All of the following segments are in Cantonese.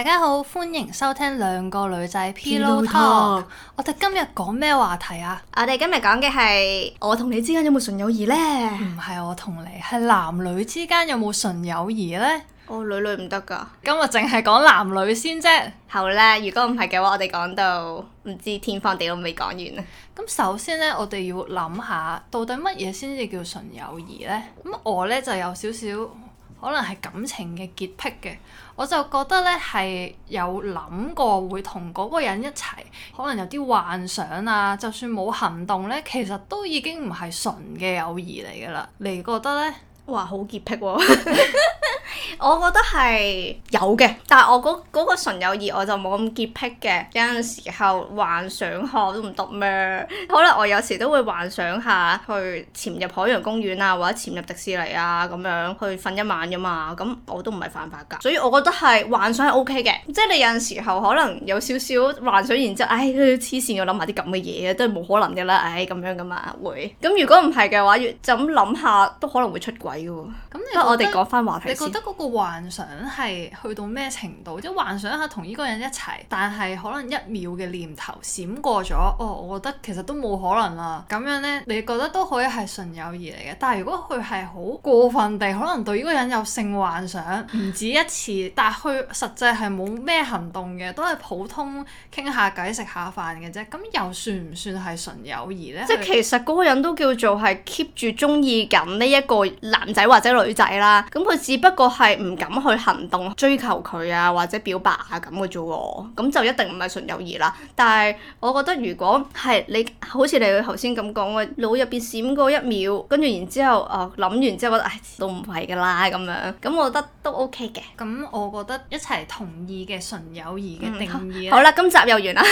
大家好，歡迎收聽兩個女仔 Pillow Talk, Talk。我哋今日講咩話題啊？我哋今日講嘅係我同你之間有冇純友誼呢？唔係我同你，係男女之間有冇純友誼呢？我、哦、女女唔得㗎。今日淨係講男女先啫。好啦，如果唔係嘅話，我哋講到唔知天荒地老未講完啊。咁首先呢，我哋要諗下到底乜嘢先至叫純友誼呢？咁我呢，就有少少。可能係感情嘅潔癖嘅，我就覺得咧係有諗過會同嗰個人一齊，可能有啲幻想啊，就算冇行動咧，其實都已經唔係純嘅友誼嚟噶啦。你覺得咧？哇，好潔癖喎、哦！ 我覺得係有嘅，但係我嗰嗰、個純友誼我就冇咁潔癖嘅。有陣時候幻想學、啊、都唔得咩？可能我有時都會幻想下去潛入海洋公園啊，或者潛入迪士尼啊咁樣去瞓一晚噶嘛。咁我都唔係犯法㗎，所以我覺得係幻想係 O K 嘅。即係你有陣時候可能有少少幻想然，然之後唉，黐線，要諗埋啲咁嘅嘢都係冇可能嘅啦。唉、哎、咁樣噶嘛會。咁如果唔係嘅話，就咁諗下都可能會出軌嘅喎。不如我哋講翻話題先。個幻想係去到咩程度？即係幻想下同呢個人一齊，但係可能一秒嘅念頭閃過咗，哦，我覺得其實都冇可能啦。咁樣呢，你覺得都可以係純友誼嚟嘅。但係如果佢係好過分地，可能對呢個人有性幻想，唔止一次，但係佢實際係冇咩行動嘅，都係普通傾下偈、食下飯嘅啫。咁又算唔算係純友誼呢？即係其實嗰個人都叫做係 keep 住中意緊呢一個男仔或者女仔啦。咁佢只不過係。唔敢去行動追求佢啊，或者表白啊咁嘅啫喎，咁、哦、就一定唔係純友誼啦。但係我覺得如果係你，好似你頭先咁講嘅，腦入邊閃過一秒，跟住然之後啊諗、呃、完之後覺得唉，都唔係噶啦咁樣，咁我覺得都 OK 嘅。咁我覺得一齊同意嘅純友誼嘅定義，嗯。好啦，今集又完啦。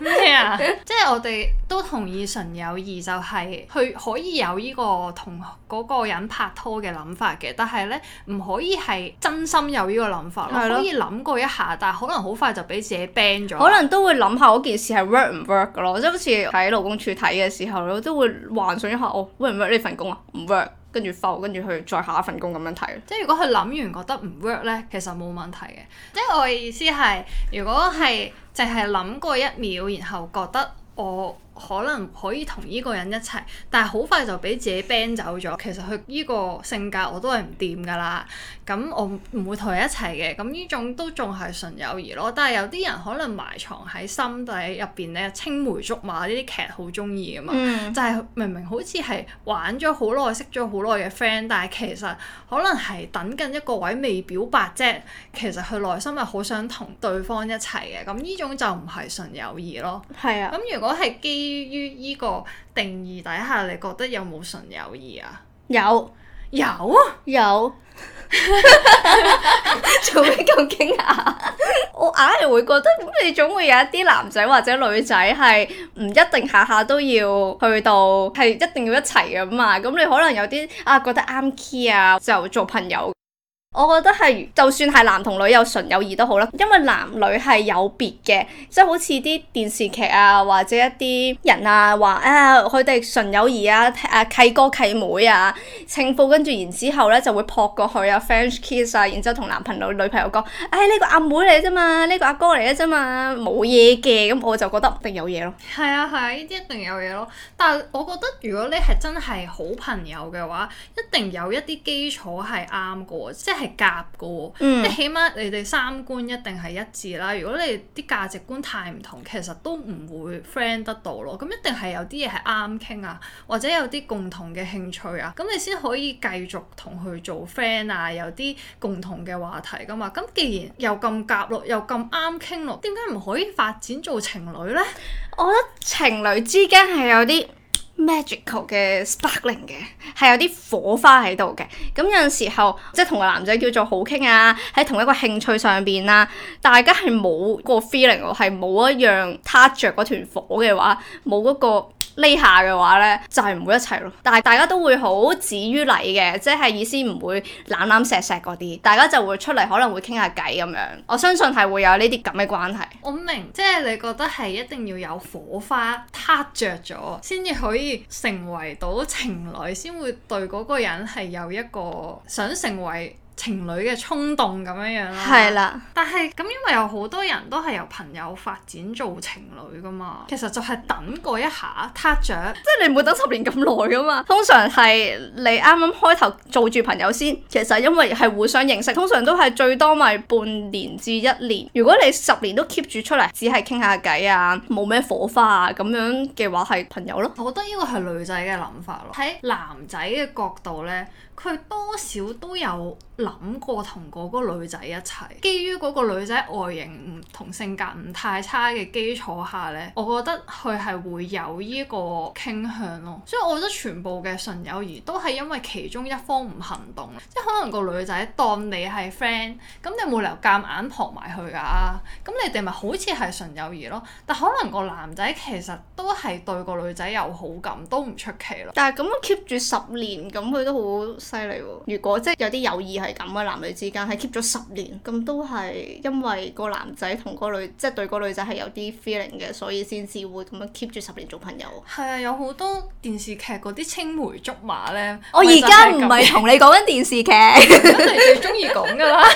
咩 啊？ 即係我哋都同意純友誼就係佢可以有呢個同嗰個人拍拖嘅諗法嘅，但係呢，唔好。可以係真心有呢個諗法咯，的可以諗過一下，但係可能好快就俾自己 ban 咗。可能都會諗下嗰件事係 work 唔 work 噶咯，即係好似喺勞工處睇嘅時候咯，都會幻想一下哦 work 唔 work 呢份工啊？唔 work，跟住 flow，跟住去再下一份工咁樣睇。即係如果佢諗完覺得唔 work 呢，其實冇問題嘅。即係我嘅意思係，如果係淨係諗過一秒，然後覺得我。可能可以同呢個人一齊，但係好快就俾自己 ban 走咗。其實佢呢個性格我都係唔掂㗎啦。咁我唔會同佢一齊嘅。咁呢種都仲係純友誼咯。但係有啲人可能埋藏喺心底入邊咧，青梅竹馬呢啲劇好鍾意㗎嘛。嗯、就係明明好似係玩咗好耐，識咗好耐嘅 friend，但係其實可能係等緊一個位未表白啫。其實佢內心係好想同對方一齊嘅。咁呢種就唔係純友誼咯。係啊。咁如果係基於於依個定義底下，你覺得有冇純友誼啊？有有啊有，做咩咁驚訝？我硬係會覺得咁，你總會有一啲男仔或者女仔係唔一定下下都要去到係一定要一齊噶嘛。咁你可能有啲啊，覺得啱 key 啊就做朋友。我覺得係，就算係男同女有純友誼都好啦，因為男女係有別嘅，即係好似啲電視劇啊，或者一啲人啊，話誒佢哋純友誼啊，誒、啊啊、契哥契妹啊，稱呼，跟住然之後咧就會撲過去啊，French kiss 啊，然之後同男朋友女朋友講，誒、哎、呢、呢個阿妹嚟啫嘛，呢、呢個阿哥嚟啊啫嘛，冇嘢嘅，咁我就覺得一定有嘢咯。係啊係啊，呢啲、啊、一定有嘢咯。但係我覺得如果你係真係好朋友嘅話，一定有一啲基礎係啱嘅，即係。係夾噶，即、嗯、起碼你哋三觀一定係一致啦。如果你啲價值觀太唔同，其實都唔會 friend 得到咯。咁一定係有啲嘢係啱傾啊，或者有啲共同嘅興趣啊，咁你先可以繼續同佢做 friend 啊。有啲共同嘅話題噶嘛，咁既然又咁夾咯，又咁啱傾咯，點解唔可以發展做情侶呢？我覺得情侶之間係有啲。嗯 magical 嘅 sparkling 嘅，係有啲火花喺度嘅。咁有陣時候，即係同個男仔叫做好傾啊，喺同一個興趣上邊啊，大家係冇個 feeling，係冇一樣撻着嗰團火嘅話，冇嗰個。呢下嘅話呢，就係、是、唔會一齊咯。但係大家都會好止於禮嘅，即係意思唔會冷冷石石嗰啲，大家就會出嚟可能會傾下偈咁樣。我相信係會有呢啲咁嘅關係。我明，即、就、係、是、你覺得係一定要有火花撻着咗，先至可以成為到情侶，先會對嗰個人係有一個想成為情侶嘅衝動咁樣樣咯，係啦的。但係咁，因為有好多人都係由朋友發展做情侶噶嘛，其實就係等過一下，撻着。即係你唔會等十年咁耐噶嘛。通常係你啱啱開頭做住朋友先，其實因為係互相認識，通常都係最多咪半年至一年。如果你十年都 keep 住出嚟，只係傾下偈啊，冇咩火花咁、啊、樣嘅話，係朋友咯。我覺得呢個係女仔嘅諗法咯，喺男仔嘅角度呢。佢多少都有諗過同嗰個女仔一齊，基於嗰個女仔外形同性格唔太差嘅基礎下呢，我覺得佢係會有呢個傾向咯。所以我覺得全部嘅純友誼都係因為其中一方唔行動，即係可能個女仔當你係 friend，咁你冇理由夾硬撲埋佢㗎，咁你哋咪好似係純友誼咯。但可能個男仔其實都係對個女仔有好感，都唔出奇咯。但係咁 keep 住十年，咁佢都好。犀利喎！如果即係有啲友誼係咁嘅，男女之間係 keep 咗十年，咁都係因為個男仔同個女，即係對個女仔係有啲 feeling 嘅，所以先至會咁樣 keep 住十年做朋友。係啊，有好多電視劇嗰啲青梅竹馬咧。我而家唔係同你講緊電視劇，你最中意講噶啦，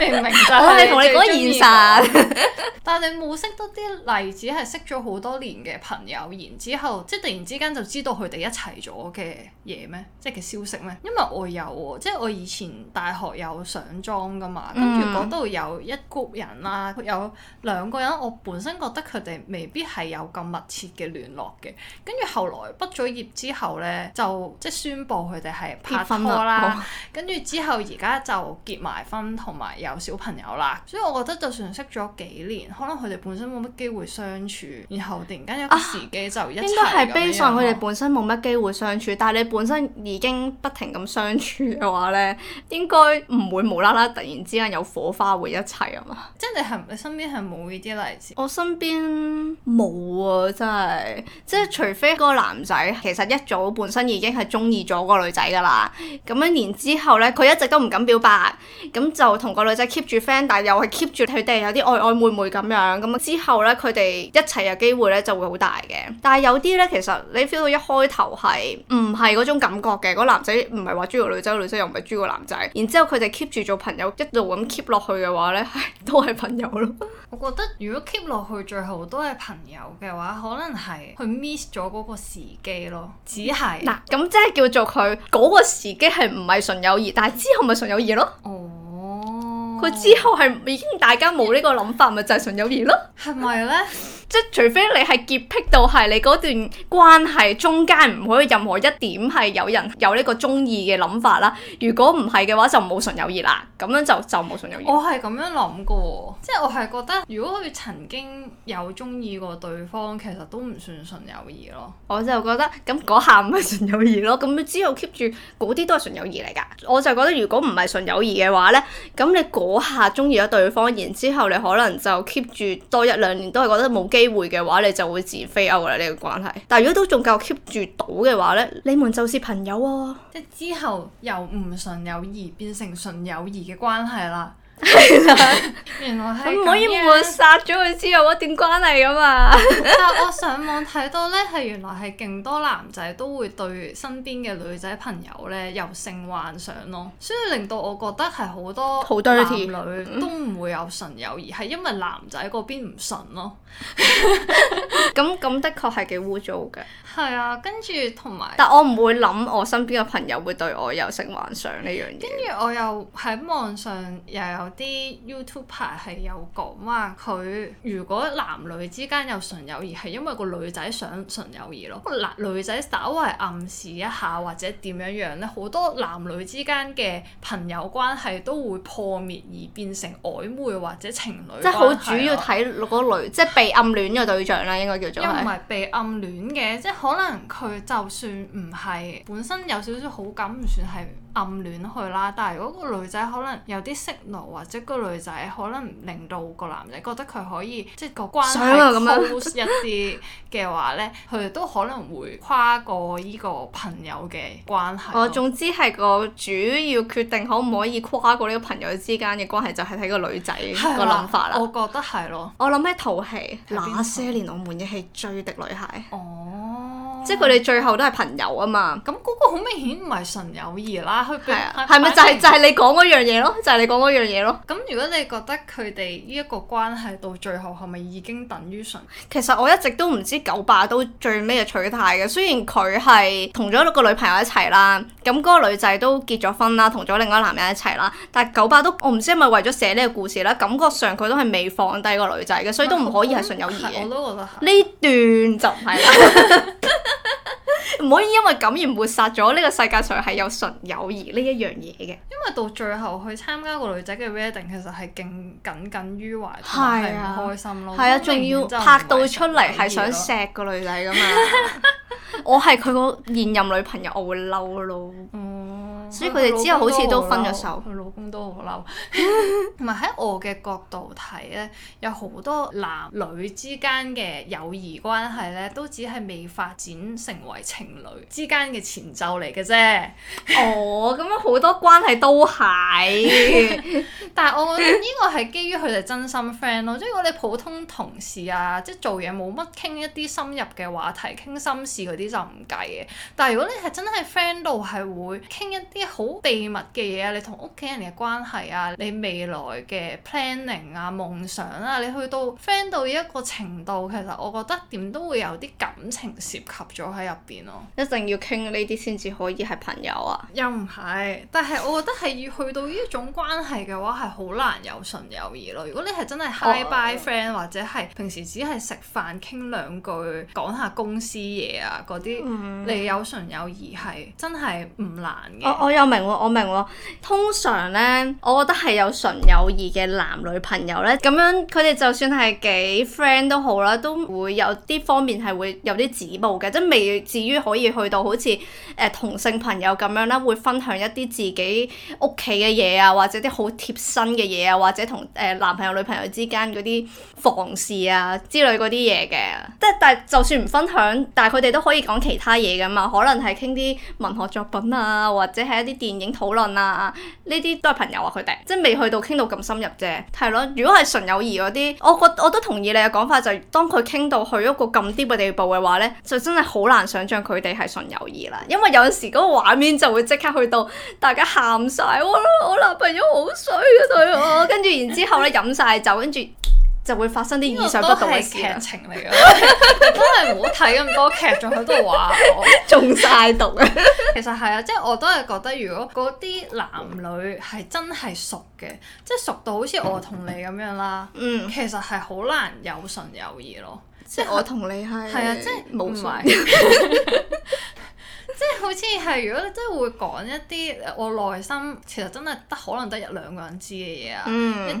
明唔明？我係同你講現實。 但係你冇識到啲例子係識咗好多年嘅朋友，然之後即係突然之間就知道佢哋一齊咗嘅嘢咩？即係嘅消息咩？因為我有喎，即係我以前大學有上莊㗎嘛，跟住嗰度有一 group 人啦，嗯、有兩個人，我本身覺得佢哋未必係有咁密切嘅聯絡嘅。跟住後來畢咗業之後咧，就即係宣布佢哋係拍拖啦。婚跟住之後而家就結埋婚，同埋有小朋友啦。所以我覺得就算識咗幾年，可能佢哋本身冇乜機會相處，然後突然間有個時機就一齊，啊。應該係悲傷佢哋本身冇乜機會相處，但係你本身已經不停。咁相處嘅話呢，應該唔會無啦啦突然之間有火花會一齊啊嘛！即係你係你身邊係冇呢啲例子，我身邊冇啊！真係，即係除非個男仔其實一早本身已經係中意咗個女仔㗎喇，咁樣然之後呢，佢一直都唔敢表白，咁就同個女仔 keep 住 friend，但係又係 keep 住佢哋有啲曖曖昧昧咁樣。咁之後呢，佢哋一齊嘅機會呢就會好大嘅。但係有啲呢，其實你 feel 到一開頭係唔係嗰種感覺嘅，嗰個男仔唔唔係話追個女仔，女仔又唔係追個男仔，然之後佢就 keep 住做朋友，一路咁 keep 落去嘅話呢，都係朋友咯。我覺得如果 keep 落去最後都係朋友嘅話，可能係佢 miss 咗嗰個時機咯。只係嗱，咁即係叫做佢嗰，那個時機係唔係純友誼，但係之後咪純友誼咯。哦，佢之後係已經大家冇呢個諗法，咪就係純友誼咯。係咪呢？ 即除非你係潔癖到係你嗰段關係中間唔可以任何一點係有人有呢個中意嘅諗法啦，如果唔係嘅話就冇純友誼啦，咁樣就就冇純友誼。我係咁樣諗噶，即係我係覺得如果佢曾經有中意過對方，其實都唔算純友誼咯。我就覺得咁嗰下唔係純友誼咯，咁之後 keep 住嗰啲都係純友誼嚟噶。我就覺得如果唔係純友誼嘅話呢，咁你嗰下中意咗對方，然之後你可能就 keep 住多一兩年都係覺得冇機會。機會嘅話，你就會自然飛歐啦呢個關係。但係如果都仲夠 keep 住到嘅話呢 你們就是朋友哦，即之後由唔純友誼變成純友誼嘅關係啦。 原來原來係唔可以抹殺咗佢之間一段關係噶嘛？但係我上網睇到咧，係原來係勁多男仔都會對身邊嘅女仔朋友咧有性幻想，咯，所以令到我覺得係好多男女都唔會有純友誼，係因為男仔嗰邊唔純咯。 咁咁的確係幾污糟嘅。係啊，跟住同埋，但我唔會諗我身邊嘅朋友會對我有性幻想呢樣嘢。跟住我又喺網上又有啲 YouTuber 係有講話，佢如果男女之間有純友誼，係因為個女仔想純友誼咯。男女仔稍微暗示一下或者點樣樣咧，好多男女之間嘅朋友關係都會破滅而變成曖昧或者情侶。即係好主要睇嗰女，即係被暗戀嘅對象啦，應該。因為被暗戀嘅，即可能佢就算唔係本身有少少好感，唔算係。暗戀去啦，但係如果個女仔可能有啲 signal，或者個女仔可能令到個男仔覺得佢可以即係個關係 close 一啲嘅話呢，佢哋 都可能會跨過呢個朋友嘅關係。 我總之係個主要決定可唔可以跨過呢個朋友之間嘅關係，就係睇個女仔個諗法啦。啊、 我覺得係咯，我諗起套戲《那些年我們一起追的女孩》。哦。即係佢哋最後都係朋友啊嘛，咁嗰、嗯、個好明顯唔係純友誼啦。係啊，係咪就係、是、就係、是、你講嗰樣嘢咯？就係、是、你講嗰樣嘢咯。咁如果你覺得佢哋呢一個關係到最後係咪已經等於純，其實我一直都唔知九巴都最尾嘅取態嘅。雖然佢係同咗一個女朋友一齊啦，咁、那、嗰個女仔都結咗婚啦，同咗另外一男人一齊啦，但係九巴都我唔知係咪為咗寫呢個故事啦，感覺上佢都係未放低個女仔嘅，所以都唔可以係純友誼。我都覺得呢段就唔係啦。唔 可以因為咁而抹殺咗呢個世界上係有純友誼呢一樣嘢嘅。因為到最後去參加個女仔嘅 wedding，其實係勁耿耿於懷，太唔、啊、開心咯。係啊，仲要因為 拍到出嚟係想錫個女仔㗎嘛？我係佢個現任女朋友，我會嬲咯。嗯所以佢哋之後好似都分咗手，佢老公都好嬲。同埋喺我嘅角度睇呢，有好多男女之間嘅友誼關係呢，都只係未發展成為情侶之間嘅前奏嚟嘅啫。哦，咁樣好多關係都係。 但、啊、我覺得呢個係基於佢哋真心 friend 咯，即係如果你普通同事啊，即係做嘢冇乜傾一啲深入嘅話題，傾心事嗰啲就唔計嘅。但係如果你係真係 friend 到係會傾一啲好秘密嘅嘢啊，你同屋企人嘅關係啊，你未來嘅 planning 啊、夢想啊，你去到 friend 到呢一個程度，其實我覺得點都會有啲感情涉及咗喺入邊咯。一定要傾呢啲先至可以係朋友啊？又唔係，但係我覺得係要去到呢種關係嘅話係。好難有純友誼咯！如果你係真係 hi bye friend、oh, okay. 或者係平時只係食飯傾兩句講下公司嘢啊啲，mm hmm. 你有純友誼係真係唔難嘅。我我又明我明喎。通常咧，我覺得係有純友誼嘅男女朋友咧，咁樣佢哋就算係幾 friend 都好啦，都會有啲方面係會有啲止步嘅，即係未至於可以去到好似誒同性朋友咁樣啦，會分享一啲自己屋企嘅嘢啊，或者啲好貼。新嘅嘢啊，或者同誒、呃、男朋友女朋友之間嗰啲房事啊之類嗰啲嘢嘅。即係但係就算唔分享，但係佢哋都可以講其他嘢噶嘛，可能係傾啲文學作品啊，或者係一啲電影討論啊，呢啲都係朋友啊，佢哋即係未去到傾到咁深入啫。係咯，如果係純友誼嗰啲，我覺我都同意你嘅講法，就是，就係當佢傾到去一個咁 deep 嘅地步嘅話咧，就真係好難想象佢哋係純友誼啦，因為有陣時嗰個畫面就會即刻去到大家喊晒，我我男朋友好衰啊！ 對哦，跟住然之後咧飲晒酒，跟住就會發生啲意想不到嘅劇情嚟。都係我唔好睇咁多劇，仲喺度話我中晒毒。 其實係啊、嗯、啊，即係我都係覺得，如果嗰啲男女係真係熟嘅，即係熟到好似我同你咁樣啦。嗯，其實係好難有純友誼咯。即係我同你係係啊，即係冇。即係好似係，如果真係會講一啲我內心其實真係得可能得一兩個人知嘅嘢啊，嗯、一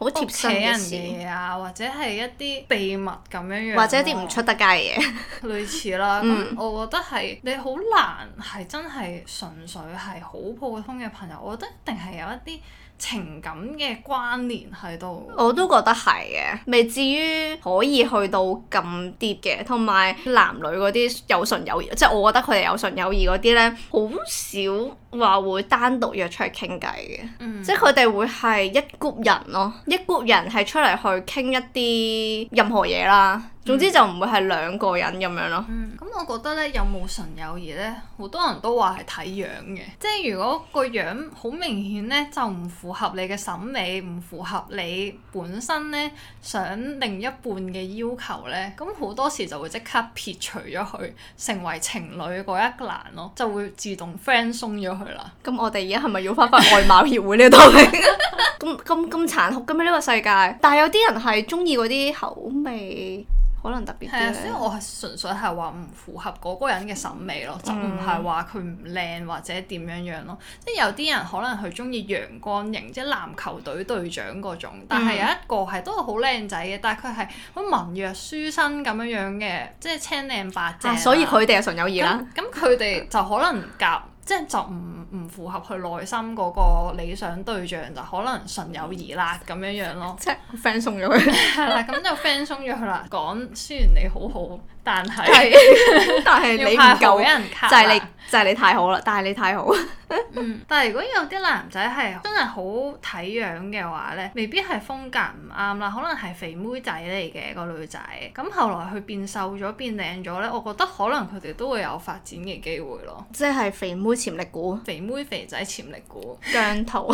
啲屋企人嘅嘢啊，或者係一啲秘密咁樣樣，或者一啲唔出得街嘅嘢，類似啦。咁、 嗯、我覺得係你好難係真係純粹係好普通嘅朋友，我覺得一定係有一啲。情感嘅關聯喺度，我都覺得係嘅。未至於可以去到咁啲嘅，同埋男女嗰啲有純友誼，即係我覺得佢哋有純友誼嗰啲呢，好少話會單獨約出嚟傾偈嘅。嗯、即係佢哋會係一 group 人咯，一 group 人係出嚟去傾一啲任何嘢啦。總之就唔會係兩個人咁樣咯。咁、嗯、我覺得咧，有冇純友誼咧，好多人都話係睇樣嘅。即係如果個樣好明顯咧，就唔符合你嘅審美，唔符合你本身咧想另一半嘅要求咧，咁好多時就會即刻撇除咗佢，成為情侶嗰一欄咯，就會自動 friend 鬆咗佢啦。咁我哋而家係咪要翻翻外貌協會呢度？咁咁咁殘酷嘅咩呢個世界？但係有啲人係鍾意嗰啲口味。可能特別嘅，所以我係純粹係話唔符合嗰個人嘅審美咯，嗯、就唔係話佢唔靚或者點樣樣咯。即係有啲人可能佢中意陽光型，即係籃球隊隊長嗰種，但係有一個係都係好靚仔嘅，但係佢係好文弱書生咁樣樣嘅，即係青靚白淨、啊啊。所以佢哋係純友誼啦。咁佢哋就可能夾，嗯、即係就唔。唔符合佢內心嗰個理想對象就可能純友誼啦咁樣樣咯，即係 friend 送咗佢， 係啦，咁就 friend 送咗佢啦。講雖然你好好，但係 但係你唔夠。就係、是、你就係、是、你太好啦。但係你太好， 嗯、但係如果有啲男仔係真係好睇樣嘅話咧，未必係風格唔啱啦，可能係肥妹仔嚟嘅、嗰個女仔。咁後來佢變瘦咗、變靚咗咧，我覺得可能佢哋都會有發展嘅機會咯。即係肥妹潛力股，妹肥仔潛力股，鏡頭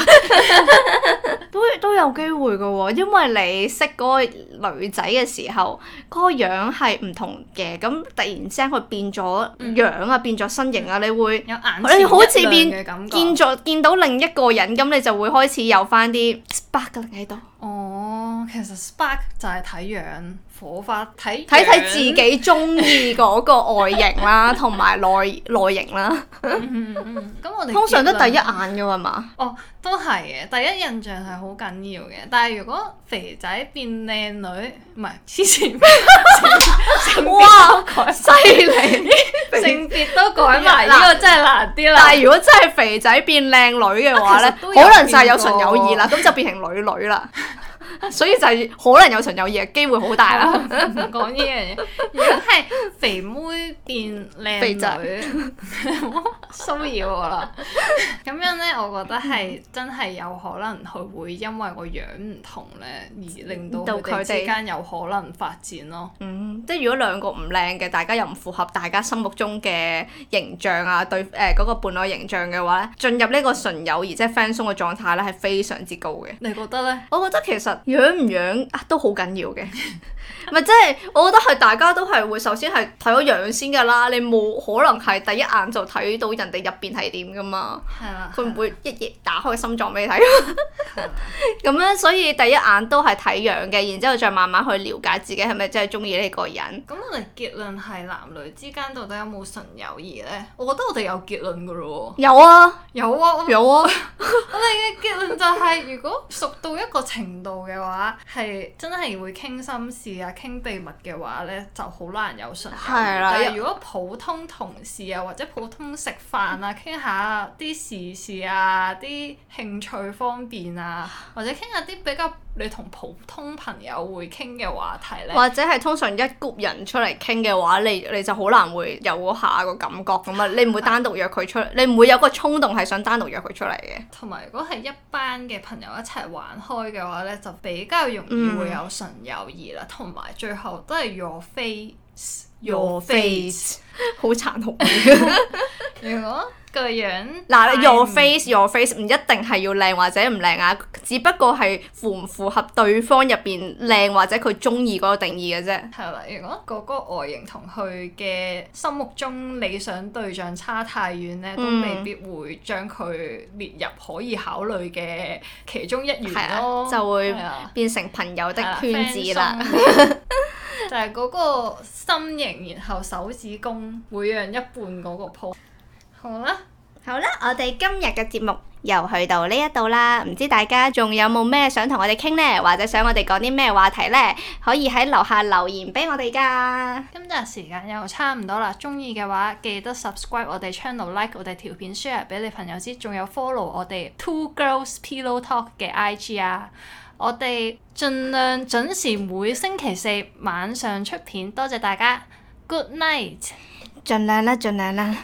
都都有機會嘅喎，因為你識嗰個女仔嘅時候，嗰、嗰個樣係唔同嘅，咁突然之間佢變咗樣啊，嗯、變咗身形啊，你會，有你好似變見咗見到另一個人，咁你就會開始有翻啲 spark 喺度。哦。其實 Spark 就係睇樣火花，睇睇睇自己中意嗰個外形啦，同埋內內型啦。咁我哋通常都第一眼噶係嘛？嗯、哦，都係嘅，第一印象係好緊要嘅。但係如果肥仔變靚女，唔係黐線， 哇，犀利！性別都改埋，呢 難個真係難啲啦。但係如果真係肥仔變靚女嘅話咧，啊、可能就係有純友誼啦，咁 就變成女女啦。所以就係可能有純友誼，機會好大啦。講呢樣嘢，如果係肥妹變靚仔，騷擾 我啦。咁 樣呢，我覺得係真係有可能佢會因為個樣唔同呢，而令到佢哋之間有可能發展咯。嗯、即係如果兩個唔靚嘅，大家又唔符合大家心目中嘅形象啊，對誒嗰、呃嗰個伴侶形象嘅話咧，進入呢個純友誼即係 friend zone 嘅狀態呢，係非常之高嘅。你覺得呢？我覺得其實。樣唔樣啊，都好緊要嘅。 咪 即係，我覺得係大家都係會首先係睇咗樣先噶啦。你冇可能係第一眼就睇到人哋入邊係點噶嘛？係啊。 佢唔會，會一夜打開心臟俾你睇？咁 的樣所以第一眼都係睇樣嘅，然之後再慢慢去了解自己係咪真係中意呢個人。咁我哋結論係男女之間到底有冇純友誼呢？我覺得我哋有結論噶咯。有啊，有啊，有啊。我哋嘅有、啊、 結論就係如果熟到一個程度嘅話，係真係會傾心事。啊，傾秘密嘅話咧，就好難有信的，但係如果普通同事啊，或者普通食飯啊，傾下啲時事啊，啲興趣方面啊，或者傾下啲比較。你同普通朋友會傾嘅話題咧，或者係通常一 group 人出嚟傾嘅話，你你就好難會有下個感覺咁啊！你唔會單獨約佢出嚟，嗯，你唔會有個衝動係想單獨約佢出嚟嘅。同埋，如果係一班嘅朋友一齊玩開嘅話呢，就比較容易會有純友誼啦。同埋，嗯，最後都係 Your face，Your face，好殘酷。如果。個樣嗱，your face your face 唔一定係要靚或者唔靚啊，只不過係符唔符合對方入邊靚或者佢中意嗰個定義嘅啫。係啦，如果嗰個外形同佢嘅心目中理想對象差太遠咧，都未必會將佢列入可以考慮嘅其中一員咯，就會變成朋友的圈子啦。但係嗰個身形，然後手指公，每樣一半嗰個鋪。好，好啦，好啦，我哋今日嘅節目又去到呢一度啦，唔知大家仲有冇咩想同我哋傾呢？或者想我哋講啲咩話題呢？可以喺樓下留言俾我哋噶。今日時間又差唔多啦，中意嘅話記得 subscribe 我哋 channel，like 我哋條片，share 俾你朋友知，仲有 follow 我哋 Two Girls Pillow Talk 嘅 IG 啊。我哋盡量準時每星期四晚上出片，多謝大家。Good night，盡量啦，盡量啦。